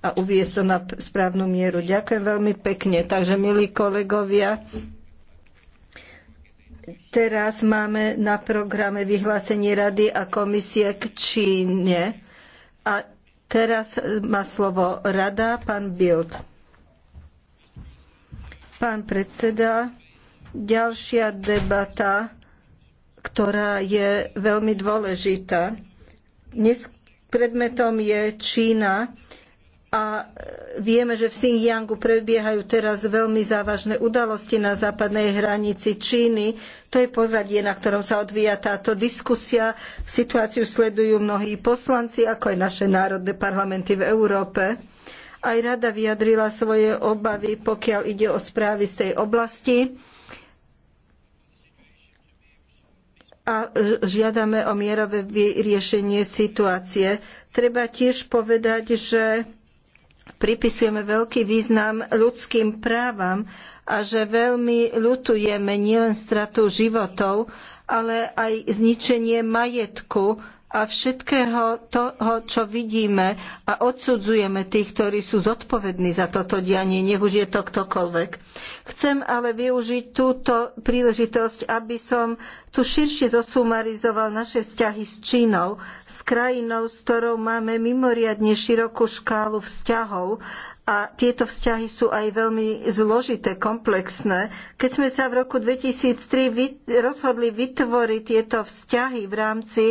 a uviesť to na správnu mieru. Ďakujem veľmi pekne. Takže, milí kolegovia, teraz máme na programe vyhlásenie Rady a komisie k Číne. A teraz má slovo Rada, pán Bild. Pán predseda, ďalšia debata, ktorá je veľmi dôležitá. Dnes predmetom je Čína a e, vieme, že v Xinjiangu prebiehajú teraz veľmi závažné udalosti na západnej hranici Číny. To je pozadie, na ktorom sa odvíja táto diskusia. Situáciu sledujú mnohí poslanci, ako aj naše národné parlamenty v Európe. Aj rada vyjadrila svoje obavy, pokiaľ ide o správy z tej oblasti. a žiadame o mierové riešenie situácie. Treba tiež povedať, že pripisujeme veľký význam ľudským právam a že veľmi ľutujeme nielen stratu životov, ale aj zničenie majetku a všetkého toho, čo vidíme a odsudzujeme tých, ktorí sú zodpovední za toto dianie, nech už je to ktokoľvek. Chcem ale využiť túto príležitosť, aby som tu širšie zosumarizoval naše vzťahy s Čínou, s krajinou, s ktorou máme mimoriadne širokú škálu vzťahov a tieto vzťahy sú aj veľmi zložité, komplexné. Keď sme sa v roku 2003 rozhodli vytvoriť tieto vzťahy v rámci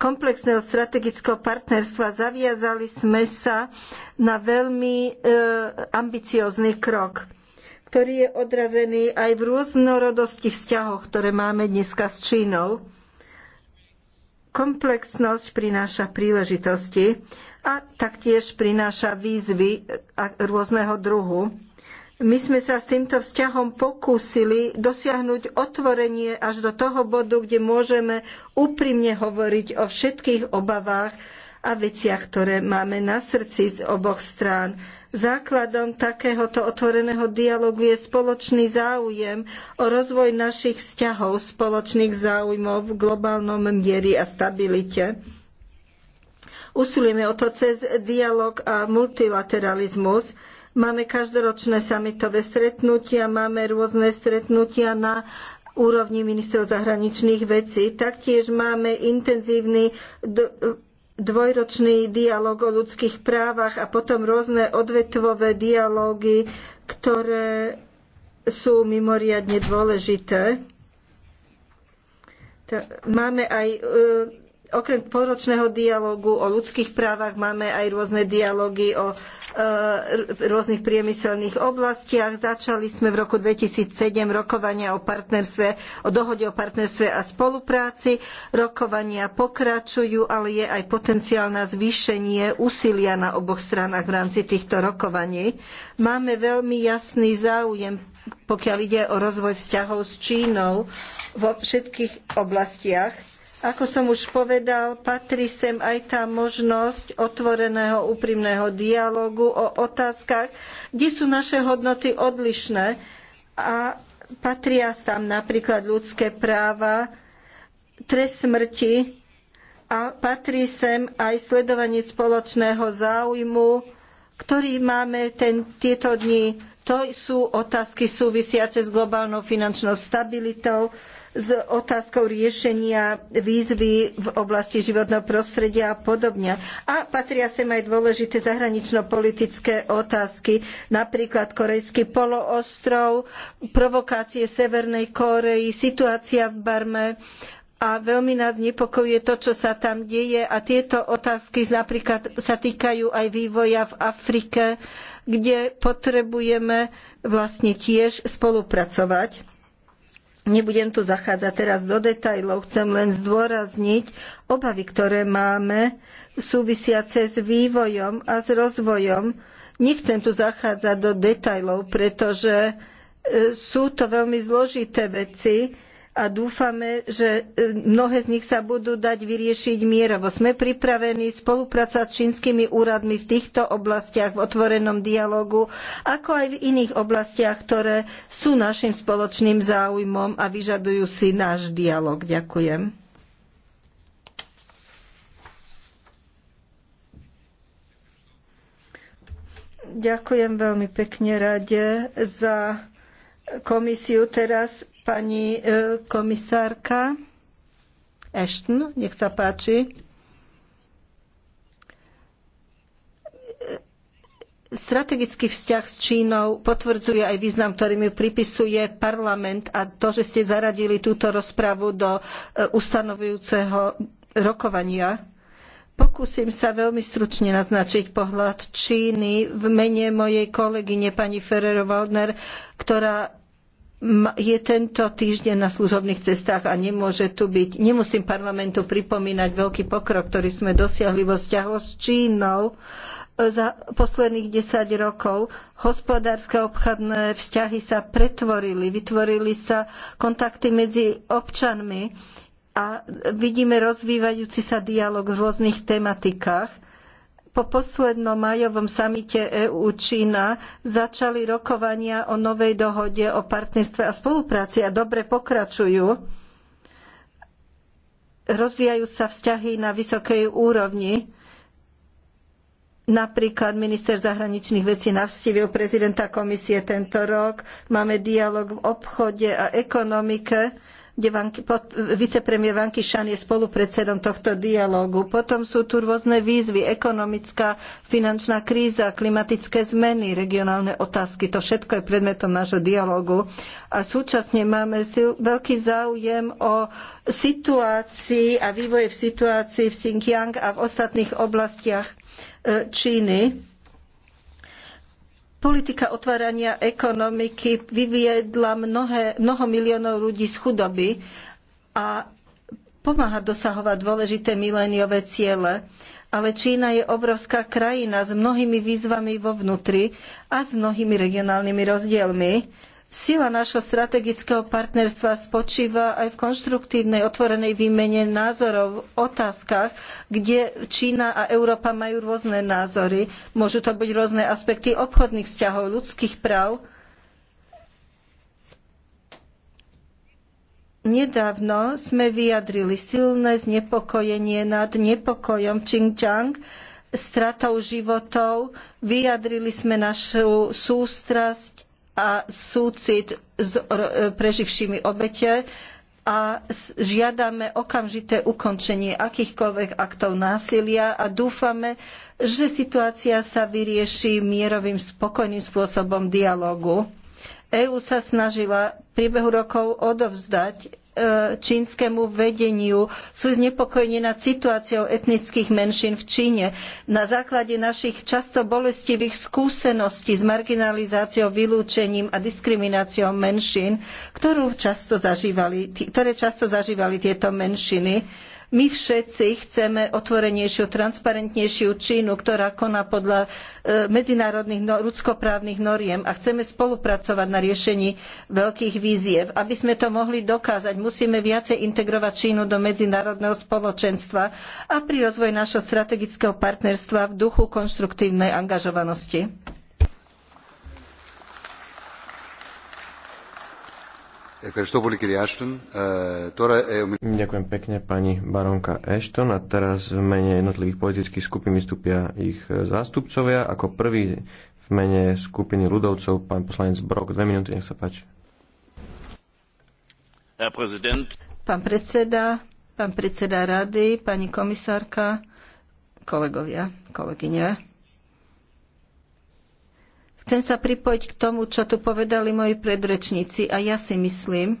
komplexného strategického partnerstva, zaviazali sme sa na veľmi e, ambiciózny krok ktorý je odrazený aj v rôznorodosti vzťahov, ktoré máme dneska s Čínou. Komplexnosť prináša príležitosti a taktiež prináša výzvy rôzneho druhu. My sme sa s týmto vzťahom pokúsili dosiahnuť otvorenie až do toho bodu, kde môžeme úprimne hovoriť o všetkých obavách, a veciach, ktoré máme na srdci z oboch strán. Základom takéhoto otvoreného dialogu je spoločný záujem o rozvoj našich vzťahov, spoločných záujmov v globálnom miery a stabilite. Usilujeme o to cez dialog a multilateralizmus, Máme každoročné samitové stretnutia, máme rôzne stretnutia na úrovni ministrov zahraničných vecí. Taktiež máme intenzívny dvojročný dialog o ľudských právach a potom rôzne odvetvové dialógy, ktoré sú mimoriadne dôležité. Máme aj e, Okrem poročného dialógu o ľudských právach máme aj rôzne dialógy o e, rôznych priemyselných oblastiach. Začali sme v roku 2007 rokovania o partnerstve, o dohode o partnerstve a spolupráci. Rokovania pokračujú, ale je aj potenciál na zvýšenie úsilia na oboch stranách v rámci týchto rokovaní. Máme veľmi jasný záujem, pokiaľ ide o rozvoj vzťahov s Čínou vo všetkých oblastiach ako som už povedal, patrí sem aj tá možnosť otvoreného úprimného dialógu o otázkach, kde sú naše hodnoty odlišné a patria tam napríklad ľudské práva, trest smrti a patrí sem aj sledovanie spoločného záujmu, ktorý máme ten, tieto dni. To sú otázky súvisiace s globálnou finančnou stabilitou, s otázkou riešenia výzvy v oblasti životného prostredia a podobne. A patria sem aj dôležité zahranično-politické otázky, napríklad Korejský poloostrov, provokácie Severnej Kórei, situácia v Barme, a veľmi nás znepokojuje to, čo sa tam deje a tieto otázky napríklad sa týkajú aj vývoja v Afrike, kde potrebujeme vlastne tiež spolupracovať. Nebudem tu zachádzať teraz do detajlov, chcem len zdôrazniť obavy, ktoré máme súvisiace s vývojom a s rozvojom. Nechcem tu zachádzať do detajlov, pretože e, sú to veľmi zložité veci a dúfame, že e, mnohé z nich sa budú dať vyriešiť mierovo. Sme pripravení spolupracovať s čínskymi úradmi v týchto oblastiach v otvorenom dialogu, ako aj v iných oblastiach, ktoré sú našim spoločným záujmom a vyžadujú si náš dialog. Ďakujem. Ďakujem veľmi pekne rade za komisiu. Teraz Pani e, komisárka Ashton, nech sa páči. Strategický vzťah s Čínou potvrdzuje aj význam, ktorý mi pripisuje parlament a to, že ste zaradili túto rozpravu do e, ustanovujúceho rokovania. Pokúsim sa veľmi stručne naznačiť pohľad Číny v mene mojej kolegyne pani Ferrero-Waldner, ktorá je tento týždeň na služobných cestách a nemôže tu byť. Nemusím parlamentu pripomínať veľký pokrok, ktorý sme dosiahli vo vzťahoch s Čínou e, za posledných 10 rokov. Hospodárske obchodné vzťahy sa pretvorili, vytvorili sa kontakty medzi občanmi a vidíme rozvíjajúci sa dialog v rôznych tematikách po poslednom majovom samite EU-Čína začali rokovania o novej dohode o partnerstve a spolupráci a dobre pokračujú. Rozvíjajú sa vzťahy na vysokej úrovni. Napríklad minister zahraničných vecí navštívil prezidenta komisie tento rok. Máme dialog v obchode a ekonomike kde Vanky, pod, vicepremier je spolupredsedom tohto dialógu. Potom sú tu rôzne výzvy, ekonomická, finančná kríza, klimatické zmeny, regionálne otázky. To všetko je predmetom nášho dialógu. A súčasne máme veľký záujem o situácii a vývoje v situácii v Xinjiang a v ostatných oblastiach e, Číny Politika otvárania ekonomiky vyviedla mnohé, mnoho miliónov ľudí z chudoby a pomáha dosahovať dôležité miléniové ciele. Ale Čína je obrovská krajina s mnohými výzvami vo vnútri a s mnohými regionálnymi rozdielmi. Sila nášho strategického partnerstva spočíva aj v konštruktívnej otvorenej výmene názorov v otázkach, kde Čína a Európa majú rôzne názory. Môžu to byť rôzne aspekty obchodných vzťahov, ľudských práv. Nedávno sme vyjadrili silné znepokojenie nad nepokojom Xinjiang, stratou životov, vyjadrili sme našu sústrasť a súcit s preživšími obete a žiadame okamžité ukončenie akýchkoľvek aktov násilia a dúfame, že situácia sa vyrieši mierovým, spokojným spôsobom dialógu. EÚ sa snažila v priebehu rokov odovzdať čínskemu vedeniu, sú znepokojení nad situáciou etnických menšín v Číne. Na základe našich často bolestivých skúseností s marginalizáciou, vylúčením a diskrimináciou menšín, ktorú často zažívali, ktoré často zažívali tieto menšiny, my všetci chceme otvorenejšiu, transparentnejšiu Čínu, ktorá koná podľa e, medzinárodných no, ľudskoprávnych noriem a chceme spolupracovať na riešení veľkých víziev. Aby sme to mohli dokázať, musíme viacej integrovať Čínu do medzinárodného spoločenstva a pri rozvoji nášho strategického partnerstva v duchu konštruktívnej angažovanosti. E, e, um- Ďakujem pekne pani baronka Ashton a teraz v mene jednotlivých politických skupín vystúpia ich zástupcovia. Ako prvý v mene skupiny ľudovcov pán poslanec Brok. Dve minúty, nech sa páči. Pán predseda, pán predseda rady, pani komisárka, kolegovia, kolegyne. Chcem sa pripojiť k tomu, čo tu povedali moji predrečníci a ja si myslím,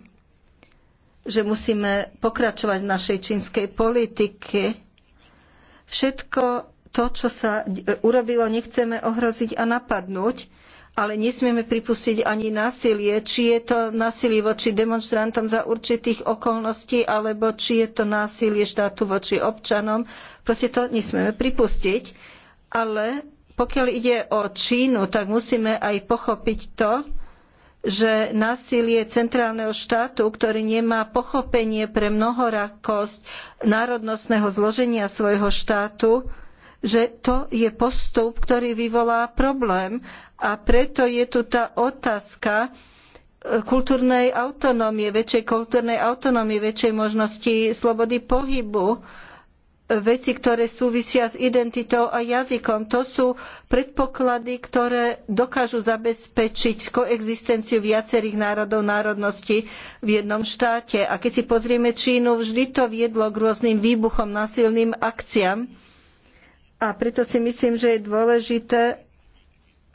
že musíme pokračovať v našej čínskej politike. Všetko to, čo sa urobilo, nechceme ohroziť a napadnúť, ale nesmieme pripustiť ani násilie, či je to násilie voči demonštrantom za určitých okolností, alebo či je to násilie štátu voči občanom. Proste to nesmieme pripustiť, ale pokiaľ ide o Čínu, tak musíme aj pochopiť to, že násilie centrálneho štátu, ktorý nemá pochopenie pre mnohorakosť národnostného zloženia svojho štátu, že to je postup, ktorý vyvolá problém. A preto je tu tá otázka e, kultúrnej autonómie, väčšej kultúrnej autonómie, väčšej možnosti slobody pohybu veci, ktoré súvisia s identitou a jazykom. To sú predpoklady, ktoré dokážu zabezpečiť koexistenciu viacerých národov národností v jednom štáte. A keď si pozrieme Čínu, vždy to viedlo k rôznym výbuchom, násilným akciám. A preto si myslím, že je dôležité,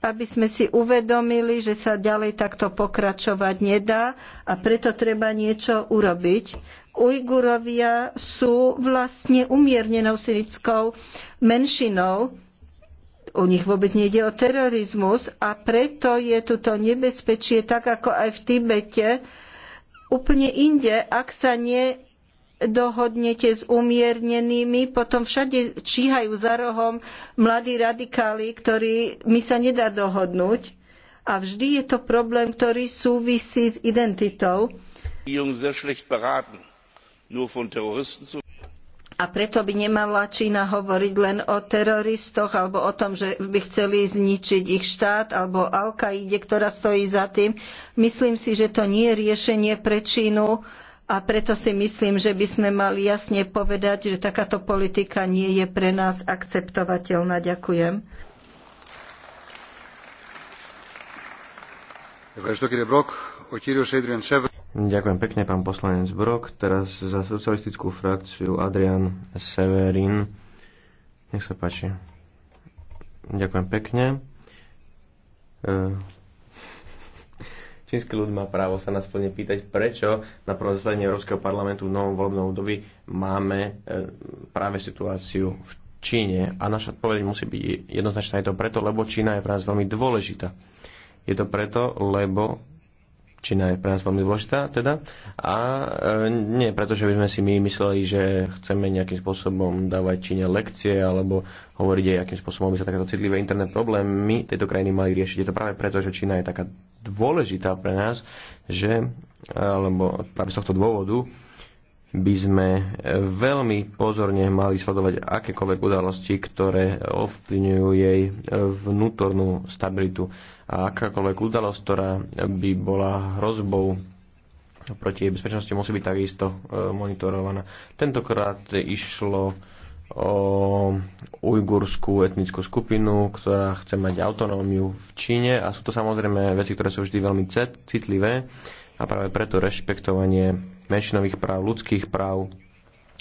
aby sme si uvedomili, že sa ďalej takto pokračovať nedá a preto treba niečo urobiť. Ujgurovia sú vlastne umiernenou sinickou menšinou. U nich vôbec nejde o terorizmus a preto je tu to nebezpečie, tak ako aj v Tibete, úplne inde, ak sa nedohodnete s umiernenými, potom všade číhajú za rohom mladí radikáli, ktorými sa nedá dohodnúť. A vždy je to problém, ktorý súvisí s identitou. sehr schlecht beraten a preto by nemala Čína hovoriť len o teroristoch alebo o tom, že by chceli zničiť ich štát alebo Al-Kaide, ktorá stojí za tým. Myslím si, že to nie je riešenie pre Čínu a preto si myslím, že by sme mali jasne povedať, že takáto politika nie je pre nás akceptovateľná. Ďakujem. Ďakujem Ďakujem pekne, pán poslanec Brok. Teraz za socialistickú frakciu Adrian Severin. Nech sa páči. Ďakujem pekne. E, Čínsky ľud má právo sa nás plne pýtať, prečo na prvom zasadení Európskeho parlamentu v novom voľbnom období máme e, práve situáciu v Číne. A naša odpoveď musí byť jednoznačná. Je to preto, lebo Čína je pre nás veľmi dôležitá. Je to preto, lebo Čína je pre nás veľmi dôležitá teda. A e, nie pretože, že by sme si my mysleli, že chceme nejakým spôsobom dávať Číne lekcie alebo hovoriť jej, akým spôsobom by sa takéto citlivé internet problémy tejto krajiny mali riešiť. Je to práve preto, že Čína je taká dôležitá pre nás, že alebo práve z tohto dôvodu by sme e, veľmi pozorne mali sledovať akékoľvek udalosti, ktoré ovplyvňujú jej e, vnútornú stabilitu. A akákoľvek udalosť, ktorá by bola hrozbou proti jej bezpečnosti, musí byť takisto e, monitorovaná. Tentokrát išlo o ujgurskú etnickú skupinu, ktorá chce mať autonómiu v Číne a sú to samozrejme veci, ktoré sú vždy veľmi citlivé a práve preto rešpektovanie menšinových práv, ľudských práv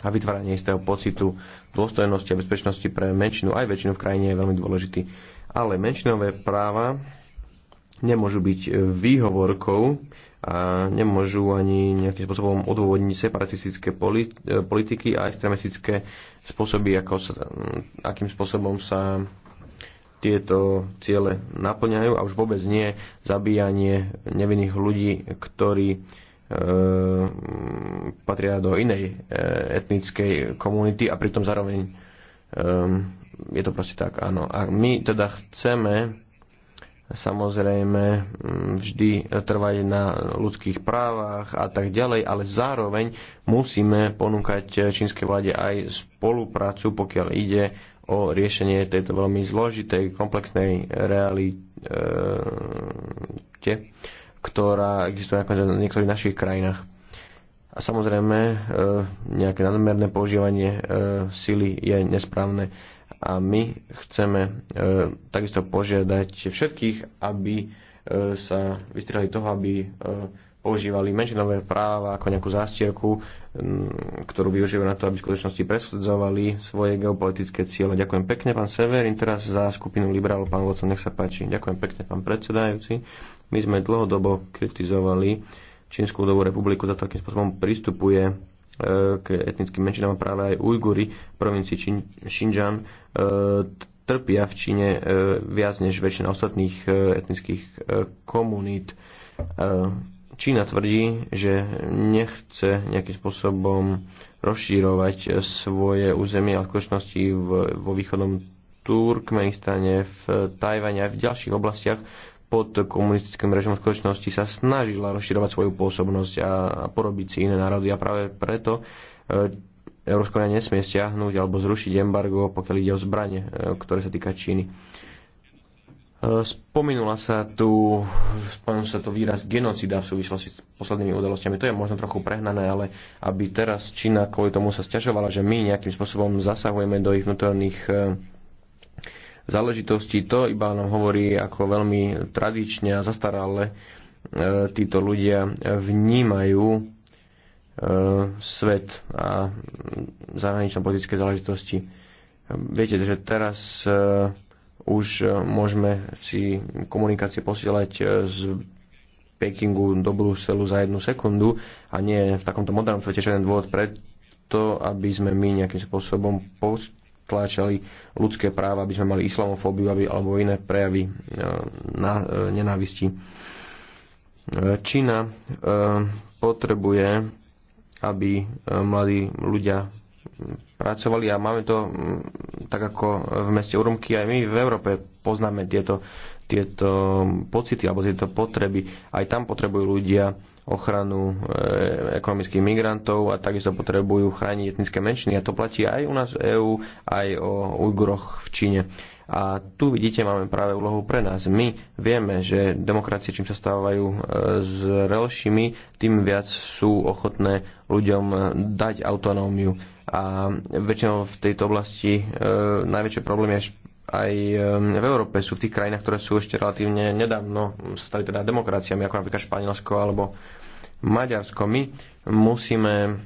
a vytváranie istého pocitu dôstojnosti a bezpečnosti pre menšinu aj väčšinu v krajine je veľmi dôležitý. Ale menšinové práva nemôžu byť výhovorkou a nemôžu ani nejakým spôsobom odôvodniť separatistické politiky a extremistické spôsoby, ako sa, akým spôsobom sa tieto ciele naplňajú a už vôbec nie zabíjanie nevinných ľudí, ktorí E, patria do inej e, etnickej komunity a pritom zároveň e, je to proste tak, áno. A my teda chceme samozrejme vždy trvať na ľudských právach a tak ďalej, ale zároveň musíme ponúkať čínskej vláde aj spoluprácu, pokiaľ ide o riešenie tejto veľmi zložitej, komplexnej realite ktorá existuje v niektorých našich krajinách. A samozrejme, e, nejaké nadmerné používanie e, sily je nesprávne a my chceme e, takisto požiadať všetkých, aby sa vystriali toho, aby používali menšinové práva ako nejakú zástierku, ktorú využívajú na to, aby v skutočnosti presudzovali svoje geopolitické ciele. Ďakujem pekne, pán Severin. Teraz za skupinu liberálov, pán Vocon, nech sa páči. Ďakujem pekne, pán predsedajúci. My sme dlhodobo kritizovali Čínsku ľudovú republiku za to, akým spôsobom pristupuje e, k etnickým menšinám práve aj Ujguri v provincii Xinjiang e, trpia v Číne e, viac než väčšina ostatných etnických komunít. Čína tvrdí, že nechce nejakým spôsobom rozšírovať svoje územie a skutočnosti vo východnom Turkmenistane, v Tajvane a v ďalších oblastiach pod komunistickým režimom skutočnosti sa snažila rozširovať svoju pôsobnosť a porobiť si iné národy a práve preto e, Európska unia nesmie stiahnuť alebo zrušiť embargo, pokiaľ ide o zbranie, e, ktoré sa týka Číny. E, spomenula sa tu, spomenul sa tu výraz genocida v súvislosti s poslednými udalosťami. To je možno trochu prehnané, ale aby teraz Čína kvôli tomu sa stiažovala, že my nejakým spôsobom zasahujeme do ich vnútorných záležitosti. To iba nám hovorí, ako veľmi tradične a zastarale e, títo ľudia vnímajú e, svet a zahraničné politické záležitosti. Viete, že teraz e, už môžeme si komunikácie posielať z Pekingu do Bruselu za jednu sekundu a nie v takomto modernom svete je dôvod pre to, aby sme my nejakým spôsobom tlačali ľudské práva, aby sme mali islamofóbiu aby, alebo iné prejavy e, na, e, nenávisti. E, Čína potrebuje, aby mladí ľudia pracovali a máme to tak ako v meste Urumky aj my v Európe poznáme tieto, tieto pocity alebo tieto potreby. Aj tam potrebujú ľudia ochranu eh, ekonomických migrantov a takisto potrebujú chrániť etnické menšiny. A to platí aj u nás v EÚ, aj o Ujguroch v Číne. A tu vidíte, máme práve úlohu pre nás. My vieme, že demokracie čím sa stávajú eh, relšími, tým viac sú ochotné ľuďom eh, dať autonómiu. A väčšinou v tejto oblasti e, najväčšie problémy aj v Európe sú v tých krajinách, ktoré sú ešte relatívne nedávno stali teda demokraciami, ako napríklad Španielsko alebo Maďarsko. My musíme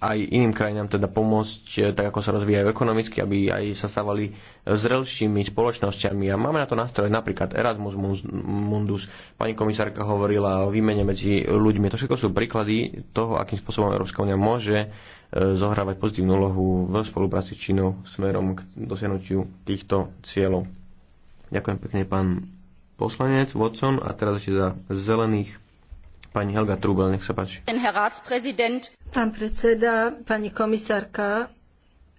aj iným krajinám teda pomôcť, eh, tak ako sa rozvíjajú ekonomicky, aby aj sa stávali zrelšími spoločnosťami. A máme na to nástroje napríklad Erasmus Mundus, pani komisárka hovorila o výmene medzi ľuďmi. To všetko sú príklady toho, akým spôsobom Európska únia môže zohrávať pozitívnu úlohu v spolupráci s Čínou smerom k dosiahnutiu týchto cieľov. Ďakujem pekne pán poslanec Watson a teraz ešte za zelených pani Helga Trubel, nech sa páči. Pán predseda, pani komisárka,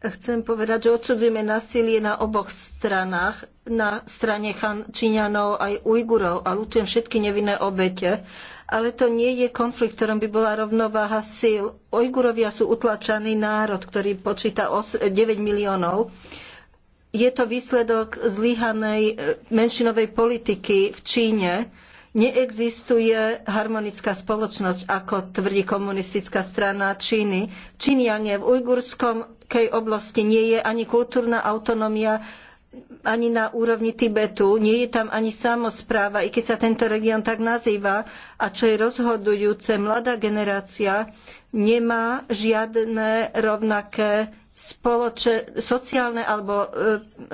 Chcem povedať, že odsudzujeme násilie na oboch stranách, na strane Chan, Číňanov aj Ujgurov a ľutujem všetky nevinné obete. Ale to nie je konflikt, v ktorom by bola rovnováha síl. Ujgurovia sú utlačaný národ, ktorý počíta 9 miliónov. Je to výsledok zlyhanej e, menšinovej politiky v Číne, Neexistuje harmonická spoločnosť, ako tvrdí komunistická strana Číny. Čínianie v ujgurskej oblasti nie je ani kultúrna autonómia, ani na úrovni Tibetu, nie je tam ani samospráva, i keď sa tento región tak nazýva. A čo je rozhodujúce, mladá generácia nemá žiadne rovnaké spoloče, sociálne alebo e,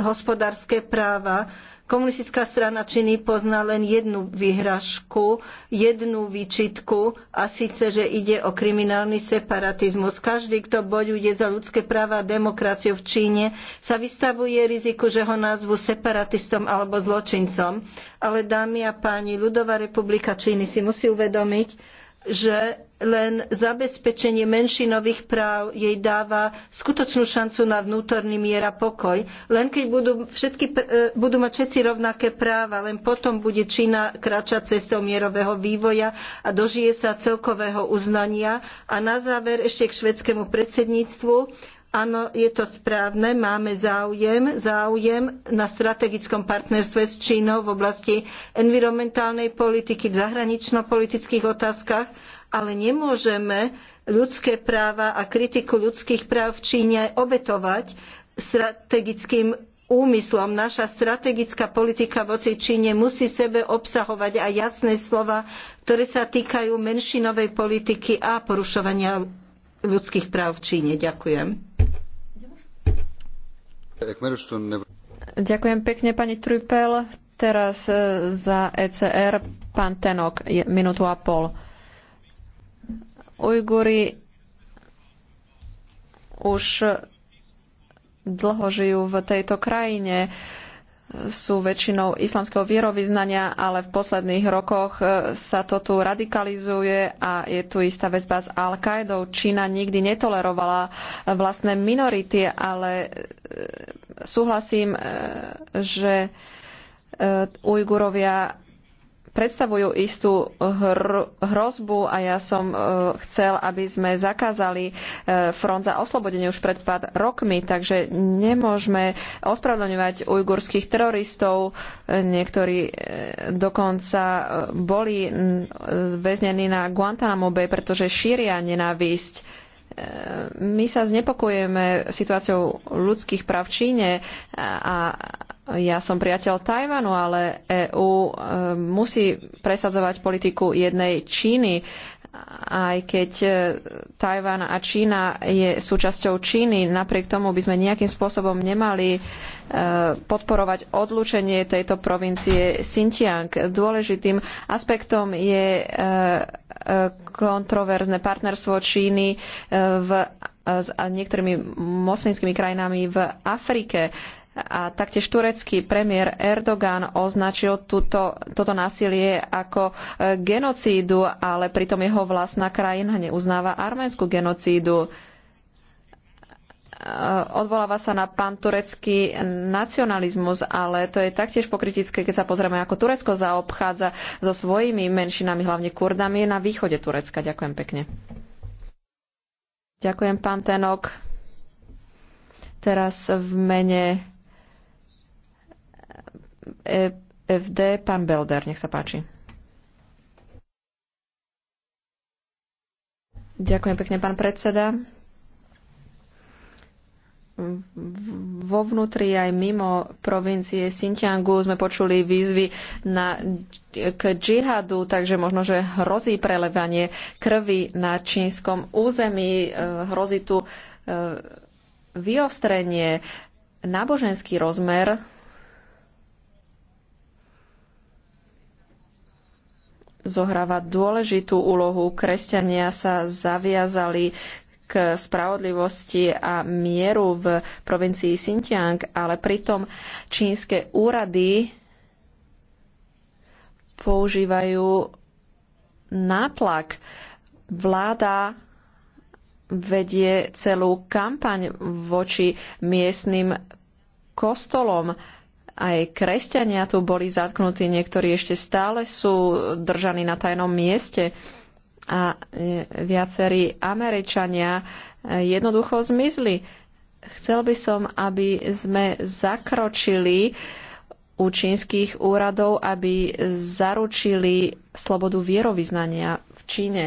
hospodárske práva Komunistická strana Číny pozná len jednu vyhražku, jednu výčitku a síce, že ide o kriminálny separatizmus. Každý, kto bojuje za ľudské práva a demokraciu v Číne, sa vystavuje riziku, že ho nazvu separatistom alebo zločincom. Ale dámy a páni, ľudová republika Číny si musí uvedomiť, že len zabezpečenie menšinových práv jej dáva skutočnú šancu na vnútorný mier a pokoj. Len keď budú, všetky, e, budú mať všetci rovnaké práva, len potom bude Čína kráčať cestou mierového vývoja a dožije sa celkového uznania. A na záver ešte k švedskému predsedníctvu. Áno, je to správne, máme záujem, záujem na strategickom partnerstve s Čínou v oblasti environmentálnej politiky, v zahranično-politických otázkach, ale nemôžeme ľudské práva a kritiku ľudských práv v Číne obetovať strategickým úmyslom. Naša strategická politika voci Číne musí sebe obsahovať aj jasné slova, ktoré sa týkajú menšinovej politiky a porušovania ľudských práv v Číne. Ďakujem. Ďakujem pekne, pani Trupel. Teraz e, za ECR pán Tenok, minútu a pol. Ujguri už dlho žijú v tejto krajine, sú väčšinou islamského vierovýznania, ale v posledných rokoch e, sa to tu radikalizuje a je tu istá väzba s Al-Qaidou. Čína nikdy netolerovala vlastné minority, ale e, súhlasím, e, že Ujgurovia predstavujú istú hrozbu a ja som e, chcel, aby sme zakázali e, front za oslobodenie už pred pár rokmi, takže nemôžeme ospravedlňovať ujgurských teroristov. E, niektorí dokonca boli väznení na Guantanamo Bay, pretože šíria nenávisť my sa znepokojujeme situáciou ľudských práv v Číne a ja som priateľ Tajvanu, ale EÚ e, musí presadzovať politiku jednej Číny, aj keď e, Tajvan a Čína je súčasťou Číny. Napriek tomu by sme nejakým spôsobom nemali e, podporovať odlúčenie tejto provincie Xinjiang. Dôležitým aspektom je kontroverzne partnerstvo Číny v, s niektorými moslimskými krajinami v Afrike. A taktiež turecký premiér Erdogan označil túto, toto násilie ako e, genocídu, ale pritom jeho vlastná krajina neuznáva arménsku genocídu. E, odvoláva sa na panturecký nacionalizmus, ale to je taktiež pokritické, keď sa pozrieme, ako Turecko zaobchádza so svojimi menšinami, hlavne Kurdami, na východe Turecka. Ďakujem pekne. Ďakujem, pán Tenok. Teraz v mene E FD, pán Belder, nech sa páči. Ďakujem pekne, pán predseda. Vo vnútri aj mimo provincie Xinjiangu sme počuli výzvy na, k džihadu, takže možno, že hrozí prelevanie krvi na čínskom území, e, hrozí tu e, vyostrenie, náboženský rozmer zohráva dôležitú úlohu. Kresťania sa zaviazali k spravodlivosti a mieru v provincii Xinjiang, ale pritom čínske úrady používajú nátlak. Vláda vedie celú kampaň voči miestnym kostolom aj kresťania tu boli zatknutí, niektorí ešte stále sú držaní na tajnom mieste a e, viacerí Američania e, jednoducho zmizli. Chcel by som, aby sme zakročili u čínskych úradov, aby zaručili slobodu vierovýznania v Číne.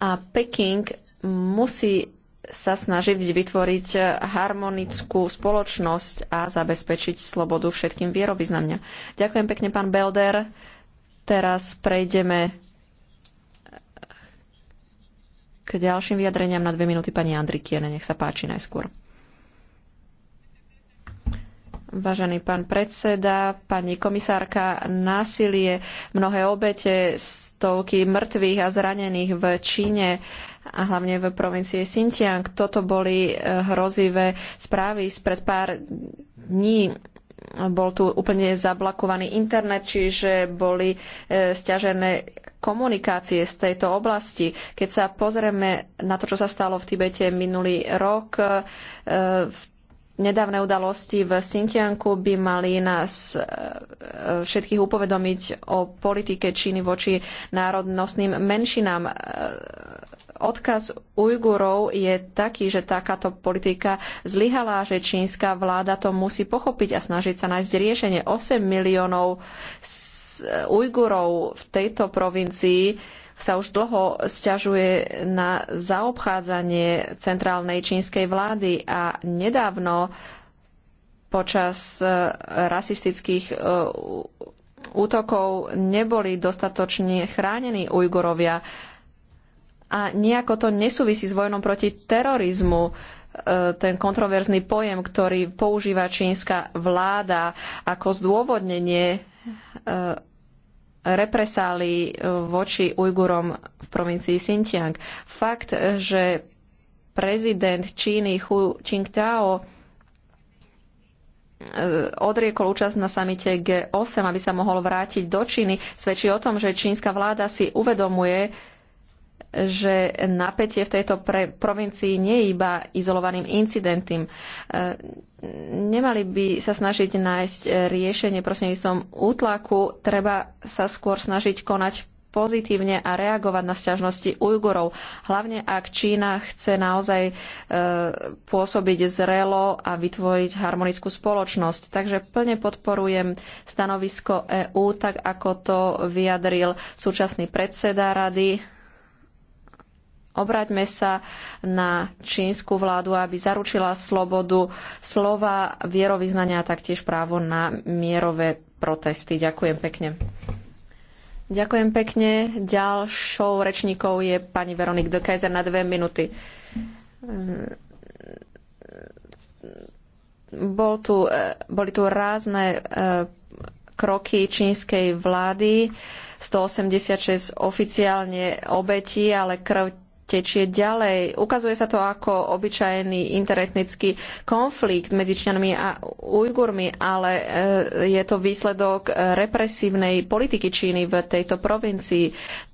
a Peking musí sa snažiť vytvoriť harmonickú spoločnosť a zabezpečiť slobodu všetkým vierovýznamňa. Ďakujem pekne, pán Belder. Teraz prejdeme k ďalším vyjadreniam na dve minúty pani Andrikiene. Nech sa páči najskôr. Vážený pán predseda, pani komisárka, násilie, mnohé obete, stovky mŕtvych a zranených v Číne a hlavne v provincii Xinjiang. Toto boli eh, hrozivé správy spred pár dní bol tu úplne zablokovaný internet, čiže boli eh, stiažené komunikácie z tejto oblasti. Keď sa pozrieme na to, čo sa stalo v Tibete minulý rok, eh, v nedávne udalosti v Sintianku by mali nás eh, všetkých upovedomiť o politike Číny voči národnostným menšinám eh, odkaz Ujgurov je taký, že takáto politika zlyhala, že čínska vláda to musí pochopiť a snažiť sa nájsť riešenie. 8 miliónov eh, Ujgurov v tejto provincii sa už dlho sťažuje na zaobchádzanie centrálnej čínskej vlády a nedávno počas e, rasistických e, útokov neboli dostatočne chránení Ujgurovia a nejako to nesúvisí s vojnom proti terorizmu e, ten kontroverzný pojem, ktorý používa čínska vláda ako zdôvodnenie represálií e, voči Ujgurom v provincii Xinjiang. Fakt, že prezident Číny Hu Jintao e, odriekol účasť na samite G8, aby sa mohol vrátiť do Číny, svedčí o tom, že čínska vláda si uvedomuje, že napätie v tejto pre- provincii nie je iba izolovaným incidentom. E, nemali by sa snažiť nájsť riešenie prostredníctvom útlaku, treba sa skôr snažiť konať pozitívne a reagovať na sťažnosti Ujgurov. Hlavne ak Čína chce naozaj e, pôsobiť zrelo a vytvoriť harmonickú spoločnosť. Takže plne podporujem stanovisko EÚ, tak ako to vyjadril súčasný predseda rady Obraťme sa na čínsku vládu, aby zaručila slobodu slova, vierovýznania a taktiež právo na mierové protesty. Ďakujem pekne. Ďakujem pekne. Ďalšou rečníkou je pani Veronik Dekajzer na dve minúty. Bol tu, boli tu rázne e, kroky čínskej vlády, 186 oficiálne obetí, ale krv tečie ďalej. Ukazuje sa to ako obyčajný interetnický konflikt medzi Čňanmi a Ujgurmi, ale e, je to výsledok represívnej politiky Číny v tejto provincii.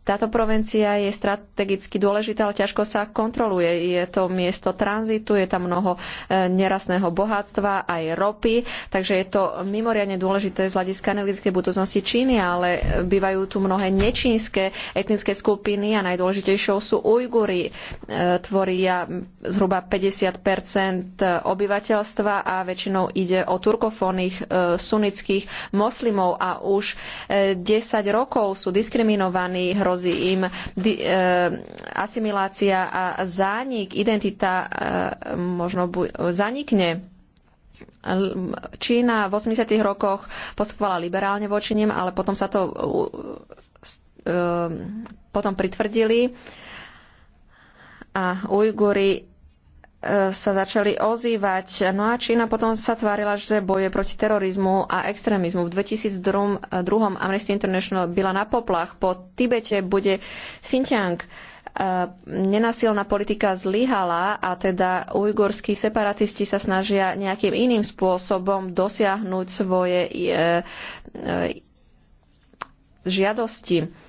Táto provencia je strategicky dôležitá, ale ťažko sa kontroluje. Je to miesto tranzitu, je tam mnoho e, nerastného bohatstva, aj ropy, takže je to mimoriadne dôležité z hľadiska energetickej budúcnosti Číny, ale e, bývajú tu mnohé nečínske etnické skupiny a najdôležitejšou sú Ujguri. E, tvoria zhruba 50 obyvateľstva a väčšinou ide o turkofónnych sunnických moslimov a už 10 rokov sú diskriminovaní, hrozí hrozí im e, asimilácia a zánik, identita e, možno zanikne. Čína v 80. rokoch postupovala liberálne voči nim, ale potom sa to e, potom pritvrdili a Ujguri sa začali ozývať. No a Čína potom sa tvárila, že boje proti terorizmu a extrémizmu. V 2002 Amnesty International byla na poplach. Po Tibete bude Xinjiang. E, nenasilná politika zlyhala a teda ujgurskí separatisti sa snažia nejakým iným spôsobom dosiahnuť svoje e, e, žiadosti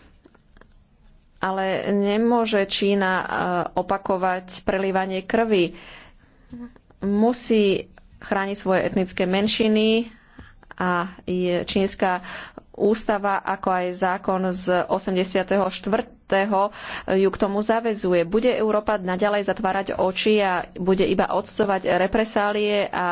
ale nemôže Čína e, opakovať prelívanie krvi. Musí chrániť svoje etnické menšiny a je, čínska ústava, ako aj zákon z 84. ju k tomu zavezuje. Bude Európa naďalej zatvárať oči a bude iba odsudzovať represálie a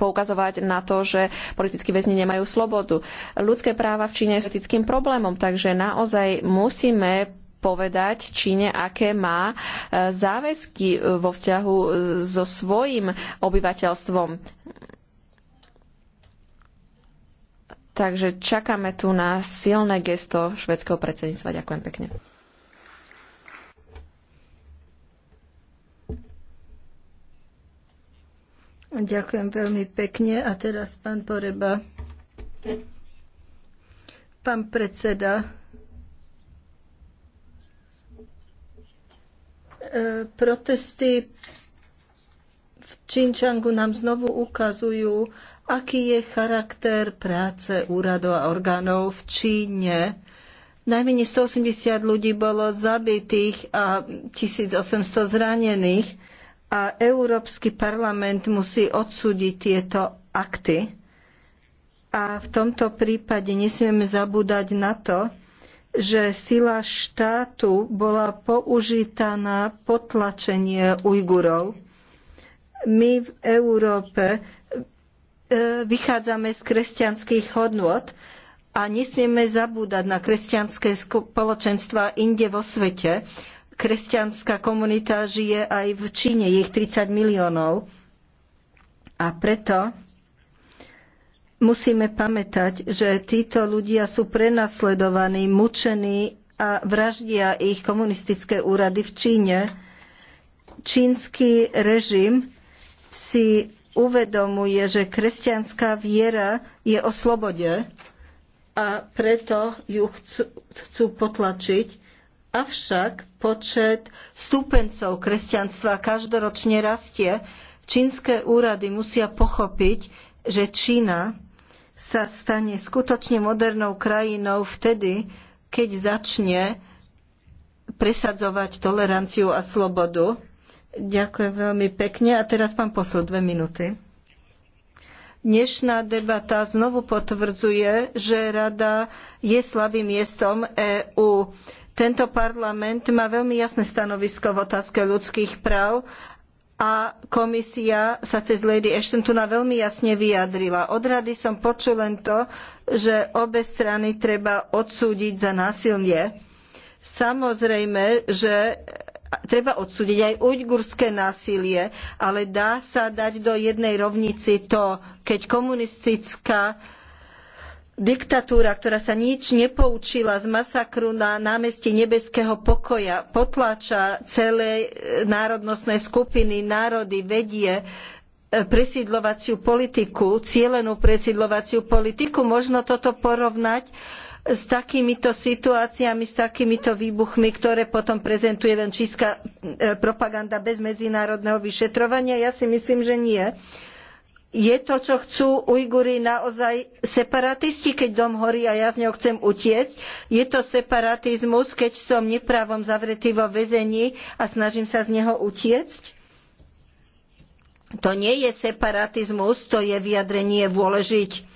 poukazovať na to, že politickí väzni nemajú slobodu. Ľudské práva v Číne sú etickým problémom, takže naozaj musíme povedať Číne, aké má e, záväzky vo vzťahu so svojim obyvateľstvom Takže čakáme tu na silné gesto švedského predsedníctva. Ďakujem pekne. Ďakujem veľmi pekne. A teraz pán Poreba. Pán predseda, e, protesty v Činčangu nám znovu ukazujú, aký je charakter práce úradov a orgánov v Číne. Najmenej 180 ľudí bolo zabitých a 1800 zranených a Európsky parlament musí odsúdiť tieto akty. A v tomto prípade nesmieme zabúdať na to, že sila štátu bola použitá na potlačenie Ujgurov. My v Európe E, vychádzame z kresťanských hodnôt a nesmieme zabúdať na kresťanské spoločenstva inde vo svete. Kresťanská komunita žije aj v Číne, je ich 30 miliónov. A preto musíme pamätať, že títo ľudia sú prenasledovaní, mučení a vraždia ich komunistické úrady v Číne. Čínsky režim si uvedomuje, že kresťanská viera je o slobode a preto ju chcú, chcú potlačiť. Avšak počet stúpencov kresťanstva každoročne rastie. Čínske úrady musia pochopiť, že Čína sa stane skutočne modernou krajinou vtedy, keď začne presadzovať toleranciu a slobodu Ďakujem veľmi pekne. A teraz pán posol, dve minúty. Dnešná debata znovu potvrdzuje, že rada je slabým miestom EÚ. Tento parlament má veľmi jasné stanovisko v otázke ľudských práv a komisia sa cez Lady Ashton tu na veľmi jasne vyjadrila. Od rady som počul len to, že obe strany treba odsúdiť za násilie. Samozrejme, že treba odsúdiť aj ujgurské násilie, ale dá sa dať do jednej rovnici to, keď komunistická diktatúra, ktorá sa nič nepoučila z masakru na námestí Nebeského pokoja, potláča celé národnostné skupiny, národy, vedie e, presídlovaciu politiku, cielenú presídlovaciu politiku. Možno toto porovnať s takýmito situáciami, s takýmito výbuchmi, ktoré potom prezentuje len číska e, propaganda bez medzinárodného vyšetrovania? Ja si myslím, že nie. Je to, čo chcú Ujguri naozaj separatisti, keď dom horí a ja z neho chcem utiecť? Je to separatizmus, keď som neprávom zavretý vo väzení a snažím sa z neho utiecť? To nie je separatizmus, to je vyjadrenie vôle žiť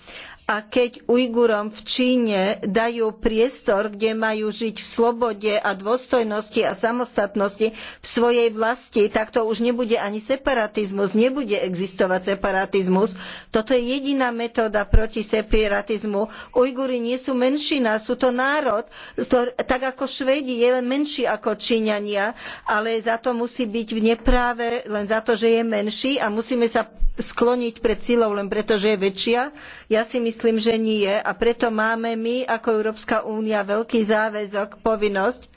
a keď Ujgurom v Číne dajú priestor, kde majú žiť v slobode a dôstojnosti a samostatnosti v svojej vlasti, tak to už nebude ani separatizmus, nebude existovať separatizmus. Toto je jediná metóda proti separatizmu. Ujguri nie sú menšina, sú to národ, tak ako Švédi, je len menší ako Číňania, ale za to musí byť v nepráve len za to, že je menší a musíme sa skloniť pred silou len preto, že je väčšia. Ja si myslím, myslím, že nie. A preto máme my ako Európska únia veľký záväzok, povinnosť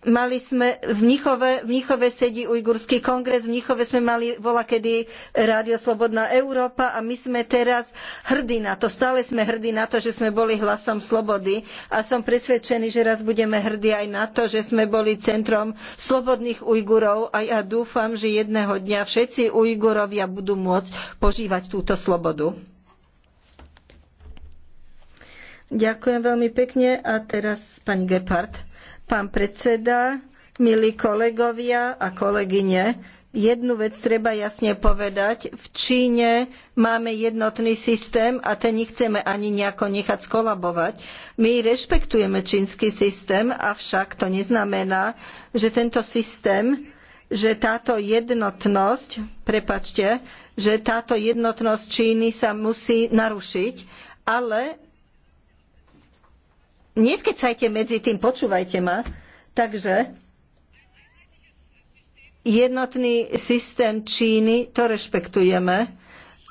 Mali sme v Mnichove, v Mnichove sedí ujgurský kongres, v Mnichove sme mali vola kedy Rádio Slobodná Európa a my sme teraz hrdí na to, stále sme hrdí na to, že sme boli hlasom slobody a som presvedčený, že raz budeme hrdí aj na to, že sme boli centrom slobodných Ujgurov a ja dúfam, že jedného dňa všetci Ujgurovia budú môcť požívať túto slobodu. Ďakujem veľmi pekne a teraz pani Gepard. Pán predseda, milí kolegovia a kolegyne, jednu vec treba jasne povedať. V Číne máme jednotný systém a ten nechceme ani nejako nechať skolabovať. My rešpektujeme čínsky systém, avšak to neznamená, že tento systém že táto jednotnosť, prepačte, že táto jednotnosť Číny sa musí narušiť, ale neskecajte medzi tým, počúvajte ma. Takže jednotný systém Číny, to rešpektujeme,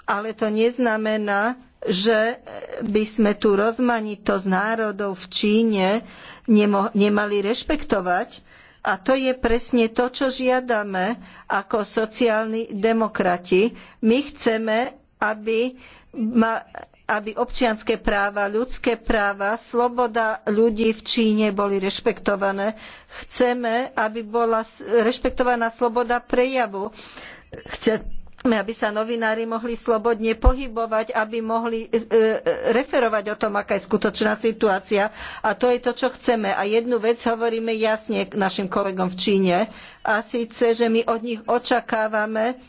ale to neznamená, že by sme tú rozmanitosť národov v Číne nemali rešpektovať. A to je presne to, čo žiadame ako sociálni demokrati. My chceme, aby ma aby občianske práva, ľudské práva, sloboda ľudí v Číne boli rešpektované. Chceme, aby bola rešpektovaná sloboda prejavu. Chceme, aby sa novinári mohli slobodne pohybovať, aby mohli e, e, referovať o tom, aká je skutočná situácia. A to je to, čo chceme. A jednu vec hovoríme jasne našim kolegom v Číne. A síce, že my od nich očakávame,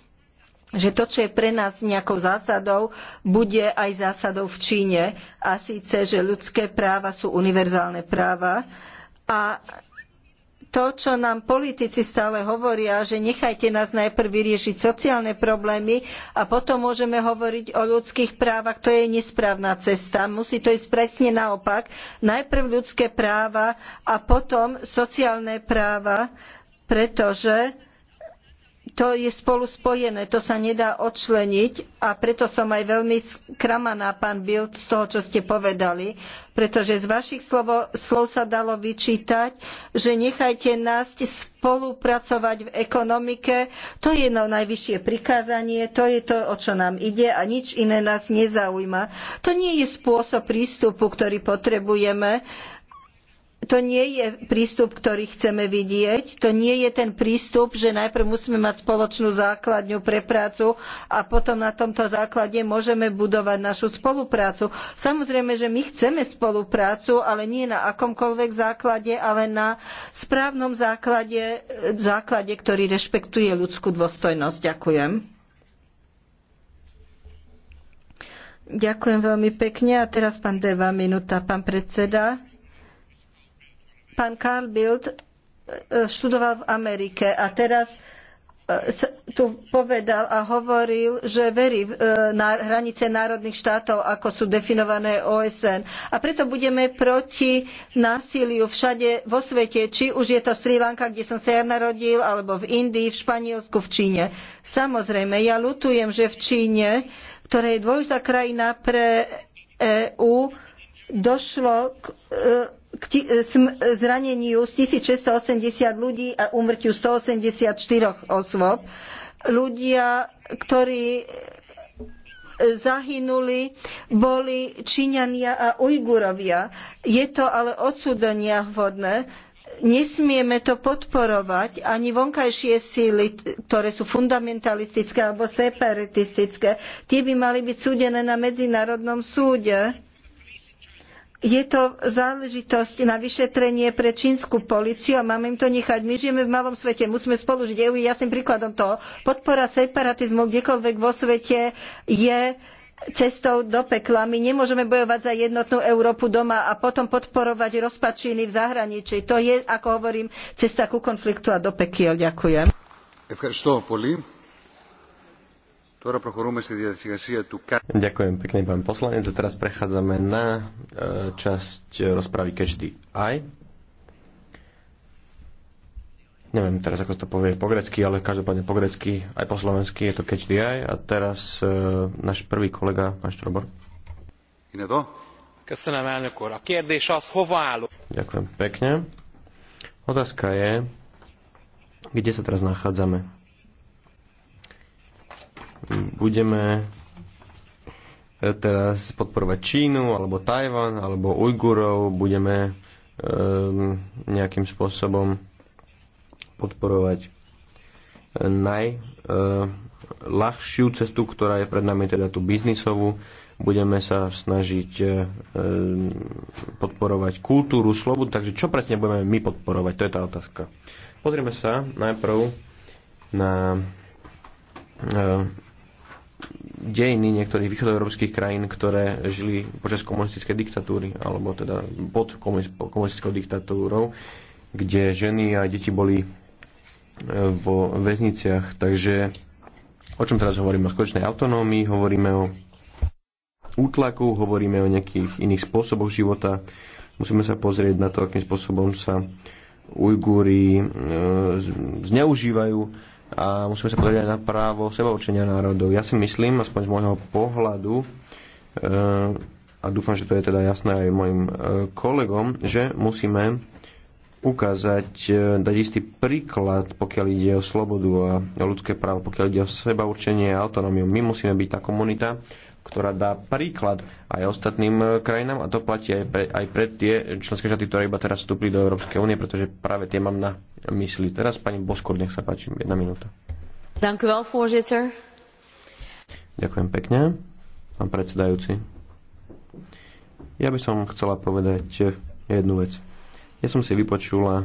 že to, čo je pre nás nejakou zásadou, bude aj zásadou v Číne. A síce, že ľudské práva sú univerzálne práva. A to, čo nám politici stále hovoria, že nechajte nás najprv vyriešiť sociálne problémy a potom môžeme hovoriť o ľudských právach, to je nesprávna cesta. Musí to ísť presne naopak. Najprv ľudské práva a potom sociálne práva, pretože to je spolu spojené, to sa nedá odčleniť a preto som aj veľmi skramaná, pán Bild, z toho, čo ste povedali, pretože z vašich slovo, slov sa dalo vyčítať, že nechajte nás spolupracovať v ekonomike, to je jedno najvyššie prikázanie, to je to, o čo nám ide a nič iné nás nezaujíma. To nie je spôsob prístupu, ktorý potrebujeme to nie je prístup, ktorý chceme vidieť. To nie je ten prístup, že najprv musíme mať spoločnú základňu pre prácu a potom na tomto základe môžeme budovať našu spoluprácu. Samozrejme, že my chceme spoluprácu, ale nie na akomkoľvek základe, ale na správnom základe, základe ktorý rešpektuje ľudskú dôstojnosť. Ďakujem. Ďakujem veľmi pekne. A teraz pán Deva, minúta, pán predseda. Pán Karl Bild e, e, študoval v Amerike a teraz e, tu povedal a hovoril, že verí na hranice národných štátov, ako sú definované OSN. A preto budeme proti násiliu všade vo svete, či už je to Sri Lanka, kde som sa ja narodil, alebo v Indii, v Španielsku, v Číne. Samozrejme, ja lutujem, že v Číne, ktorá je dôležitá krajina pre EÚ, došlo k k e, e, zraneniu z 1680 ľudí a úmrtiu 184 osôb. Ľudia, ktorí e, zahynuli, boli Číňania a Ujgurovia. Je to ale odsúdania hodné. Nesmieme to podporovať ani vonkajšie síly, ktoré sú fundamentalistické alebo separatistické. Tie by mali byť súdené na medzinárodnom súde je to záležitosť na vyšetrenie pre čínsku políciu a máme im to nechať. My žijeme v malom svete, musíme žiť. EU je jasným príkladom toho. Podpora separatizmu kdekoľvek vo svete je cestou do pekla. My nemôžeme bojovať za jednotnú Európu doma a potom podporovať rozpad Číny v zahraničí. To je, ako hovorím, cesta ku konfliktu a do pekiel. Ďakujem. Ďakujem pekne, pán poslanec. A teraz prechádzame na e, časť rozpravy každý aj. Neviem teraz, ako to povie po grecky, ale každopádne po grecky, aj po slovensky je to catch the eye. A teraz e, náš prvý kolega, pán Štrobor. Ďakujem pekne. Otázka je, kde sa teraz nachádzame budeme teraz podporovať Čínu, alebo Tajvan, alebo Ujgurov, budeme e, nejakým spôsobom podporovať najľahšiu e, e cestu, ktorá je pred nami, teda tú biznisovú. Budeme sa snažiť e, podporovať kultúru, slobodu, takže čo presne budeme my podporovať, to je tá otázka. Pozrieme sa najprv na e, dejiny niektorých východoeurópskych krajín, ktoré žili počas komunistickej diktatúry, alebo teda pod komunistickou diktatúrou, kde ženy a deti boli e, vo väzniciach. Takže o čom teraz hovoríme? O skutočnej autonómii, hovoríme o útlaku, hovoríme o nejakých iných spôsoboch života. Musíme sa pozrieť na to, akým spôsobom sa Ujgúri e, zneužívajú a musíme sa pozrieť aj na právo sebaučenia národov. Ja si myslím, aspoň z môjho pohľadu, e, a dúfam, že to je teda jasné aj mojim e, kolegom, že musíme ukázať, e, dať istý príklad, pokiaľ ide o slobodu a ľudské právo, pokiaľ ide o sebaurčenie a autonómiu. My musíme byť tá komunita, ktorá dá príklad aj ostatným e, krajinám a to platí aj pre, aj pre tie členské štáty, ktoré iba teraz vstúpili do Európskej únie, pretože práve tie mám na mysli. Teraz pani Boskor, nech sa páči, jedna minúta. Ďakujem pekne, pán predsedajúci. Ja by som chcela povedať jednu vec. Ja som si vypočula e,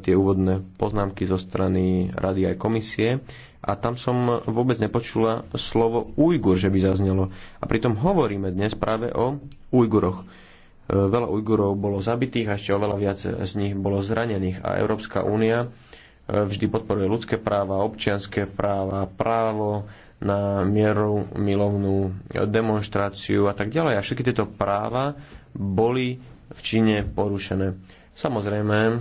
tie úvodné poznámky zo strany Rady aj komisie a tam som vôbec nepočula slovo Ujgur, že by zaznelo. A pritom hovoríme dnes práve o Ujguroch. E, veľa Ujgurov bolo zabitých a ešte oveľa viac z nich bolo zranených. A Európska únia e, vždy podporuje ľudské práva, občianské práva, právo na mieru milovnú e, demonstráciu a tak ďalej. A všetky tieto práva boli v Číne porušené. Samozrejme,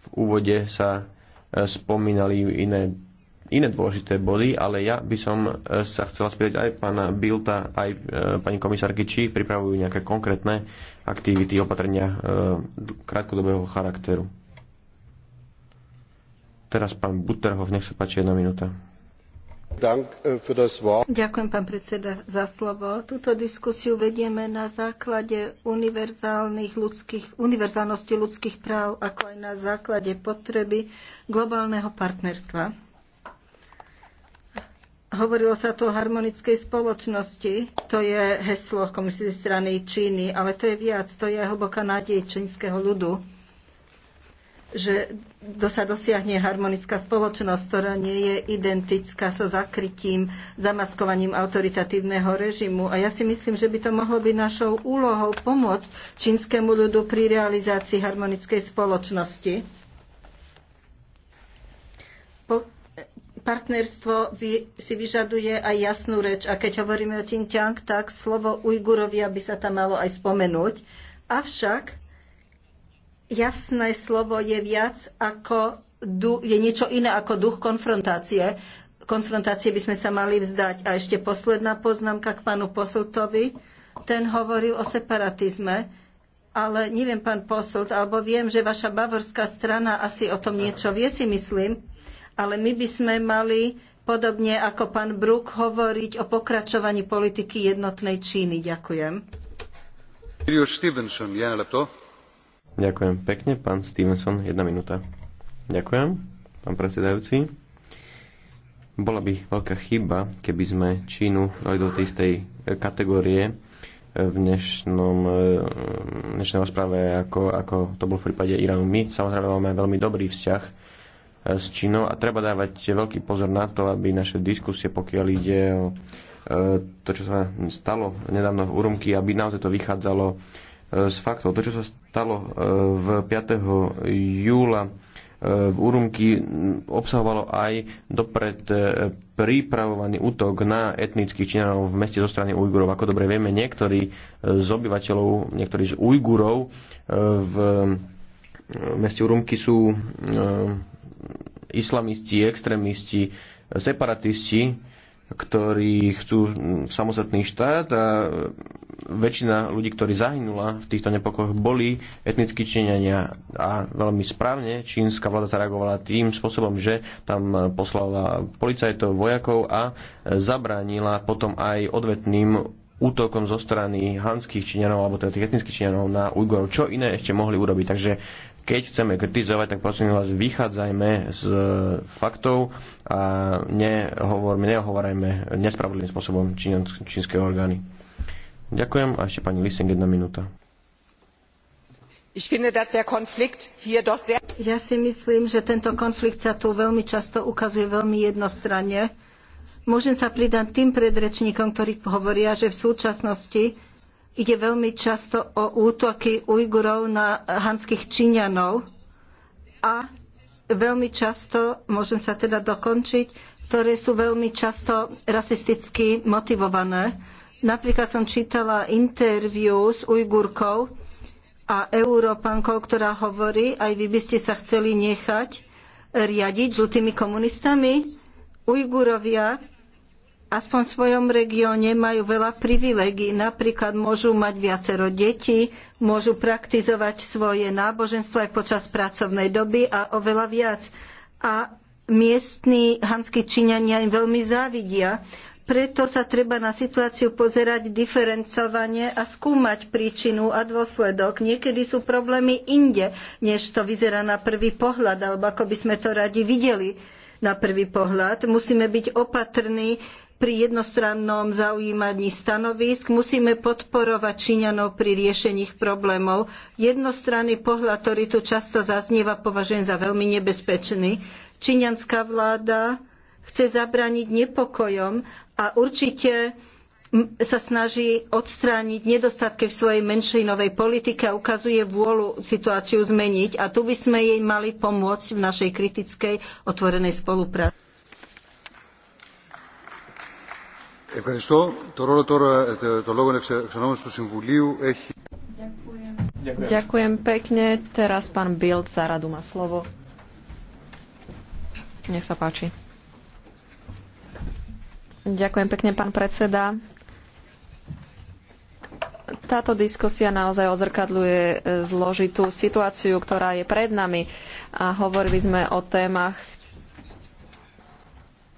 v úvode sa spomínali iné, iné dôležité body, ale ja by som e, sa chcela spýtať aj pána Bilta, aj e, pani komisárky, či pripravujú nejaké konkrétne aktivity, opatrenia e, krátkodobého charakteru. Teraz pán Buterhov, nech sa páči jedna minúta. Äh, Ďakujem, pán predseda, za slovo. Túto diskusiu vedieme na základe univerzálnych ľudských, univerzálnosti ľudských práv, ako aj na základe potreby globálneho partnerstva. Hovorilo sa tu o harmonickej spoločnosti, to je heslo komisie strany Číny, ale to je viac, to je hlboká nádej čínskeho ľudu že do sa dosiahne harmonická spoločnosť, ktorá nie je identická so zakrytím, zamaskovaním autoritatívneho režimu. A ja si myslím, že by to mohlo byť našou úlohou pomôcť čínskemu ľudu pri realizácii harmonickej spoločnosti. Po, partnerstvo si vyžaduje aj jasnú reč. A keď hovoríme o Tintiang, tak slovo Ujgurovia by sa tam malo aj spomenúť. Avšak jasné slovo je viac ako je niečo iné ako duch konfrontácie. Konfrontácie by sme sa mali vzdať. A ešte posledná poznámka k pánu Posultovi. Ten hovoril o separatizme, ale neviem, pán Posult, alebo viem, že vaša bavorská strana asi o tom niečo vie, si myslím, ale my by sme mali podobne ako pán Bruk hovoriť o pokračovaní politiky jednotnej Číny. Ďakujem. Stevenson, ja na to. Ďakujem pekne, pán Stevenson, jedna minúta. Ďakujem, pán predsedajúci. Bola by veľká chyba, keby sme Čínu dali do tej istej e, kategórie e, v dnešnom, e, dnešnej rozprave, ako, ako to bol v prípade Iránu. My samozrejme máme veľmi dobrý vzťah s Čínou a treba dávať veľký pozor na to, aby naše diskusie, pokiaľ ide o to, čo sa stalo nedávno v Urumky, aby naozaj to vychádzalo z faktov. To, čo sa stalo e, v 5. júla e, v Urumky obsahovalo aj dopred e, pripravovaný útok na etnických činárov v meste zo strany Ujgurov. Ako dobre vieme, niektorí z obyvateľov, niektorí z Ujgurov v meste Urumky sú islamisti, extrémisti, separatisti, ktorí chcú samostatný štát a väčšina ľudí, ktorí zahynula v týchto nepokojoch, boli etnickí Číňania. A veľmi správne čínska vláda zareagovala tým spôsobom, že tam poslala policajtov, vojakov a zabránila potom aj odvetným útokom zo strany hanských Číňanov alebo teda tých etnických Číňanov na Ujgorov. Čo iné ešte mohli urobiť? Takže keď chceme kritizovať, tak prosím vás, vychádzajme z faktov a nehovorme, nehovorajme nespravodlivým spôsobom čínske orgány. Ďakujem a ešte pani Lising, jedna minúta. Ja si myslím, že tento konflikt sa tu veľmi často ukazuje veľmi jednostranne. Môžem sa pridať tým predrečníkom, ktorí hovoria, že v súčasnosti ide veľmi často o útoky Ujgurov na hanských Číňanov a veľmi často, môžem sa teda dokončiť, ktoré sú veľmi často rasisticky motivované Napríklad som čítala interviu s Ujgurkou a Európankou, ktorá hovorí, aj vy by ste sa chceli nechať riadiť žltými komunistami. Ujgurovia aspoň v svojom regióne majú veľa privilegií. Napríklad môžu mať viacero detí, môžu praktizovať svoje náboženstvo aj počas pracovnej doby a oveľa viac. A miestni hanskí Číňania im veľmi závidia. Preto sa treba na situáciu pozerať diferencovane a skúmať príčinu a dôsledok. Niekedy sú problémy inde, než to vyzerá na prvý pohľad, alebo ako by sme to radi videli na prvý pohľad. Musíme byť opatrní pri jednostrannom zaujímaní stanovisk, musíme podporovať Číňanov pri riešení ich problémov. Jednostranný pohľad, ktorý tu často zaznieva, považujem za veľmi nebezpečný. Číňanská vláda chce zabrániť nepokojom a určite sa snaží odstrániť nedostatky v svojej menšinovej politike a ukazuje vôľu situáciu zmeniť. A tu by sme jej mali pomôcť v našej kritickej otvorenej spolupráci. Ďakujem. Ďakujem pekne. Teraz pán Bild, Saradu má slovo. Nech sa páči. Ďakujem pekne, pán predseda. Táto diskusia naozaj odzrkadľuje e, zložitú situáciu, ktorá je pred nami. A hovorili sme o témach,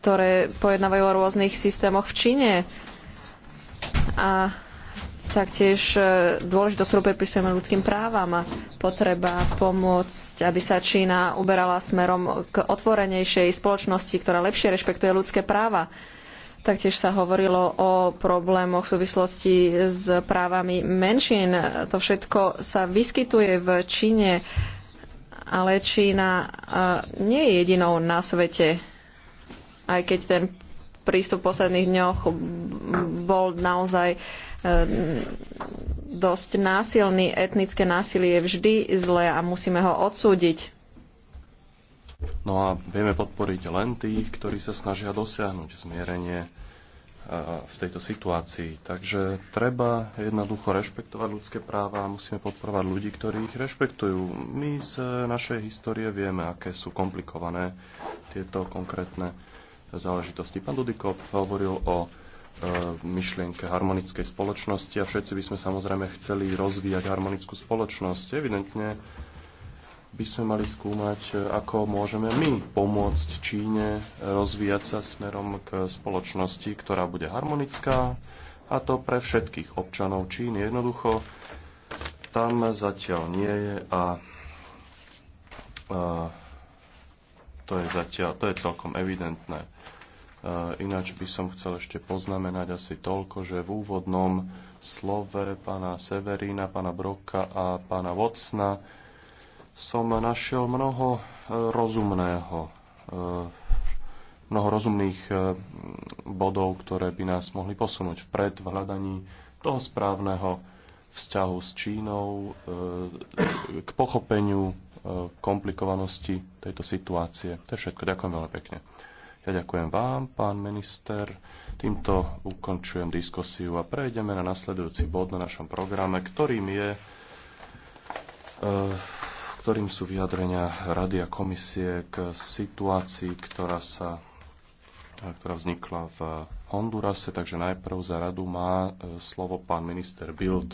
ktoré pojednávajú o rôznych systémoch v Číne. A taktiež e, dôležitosť, ktorú pripisujeme ľudským právam a potreba pomôcť, aby sa Čína uberala smerom k otvorenejšej spoločnosti, ktorá lepšie rešpektuje ľudské práva. Taktiež sa hovorilo o problémoch v súvislosti s právami menšín. To všetko sa vyskytuje v Číne, ale Čína e, nie je jedinou na svete. Aj keď ten prístup v posledných dňoch bol naozaj e, dosť násilný. Etnické násilie je vždy zlé a musíme ho odsúdiť. No a vieme podporiť len tých, ktorí sa snažia dosiahnuť zmierenie e, v tejto situácii. Takže treba jednoducho rešpektovať ľudské práva a musíme podporovať ľudí, ktorí ich rešpektujú. My z našej histórie vieme, aké sú komplikované tieto konkrétne záležitosti. Pán Dudikov hovoril o e, myšlienke harmonickej spoločnosti a všetci by sme samozrejme chceli rozvíjať harmonickú spoločnosť. Evidentne by sme mali skúmať, e, ako môžeme my pomôcť Číne rozvíjať sa smerom k spoločnosti, ktorá bude harmonická, a to pre všetkých občanov Číny. Jednoducho, tam zatiaľ nie je a, a to je zatiaľ, to je celkom evidentné. A, e, ináč by som chcel ešte poznamenať asi toľko, že v úvodnom slove pána Severína, pána Broka a pána Vocna som našiel mnoho e, rozumného, e, mnoho rozumných e, bodov, ktoré by nás mohli posunúť vpred v hľadaní toho správneho vzťahu s Čínou, k pochopeniu komplikovanosti tejto situácie. To je všetko. Ďakujem veľmi pekne. Ja ďakujem vám, pán minister. Týmto ukončujem diskusiu a prejdeme na nasledujúci bod na našom programe, ktorým je ktorým sú vyjadrenia Rady a komisie k situácii, ktorá, sa, e, ktorá vznikla v Hondurase. Takže najprv za radu má e, slovo pán minister Bild.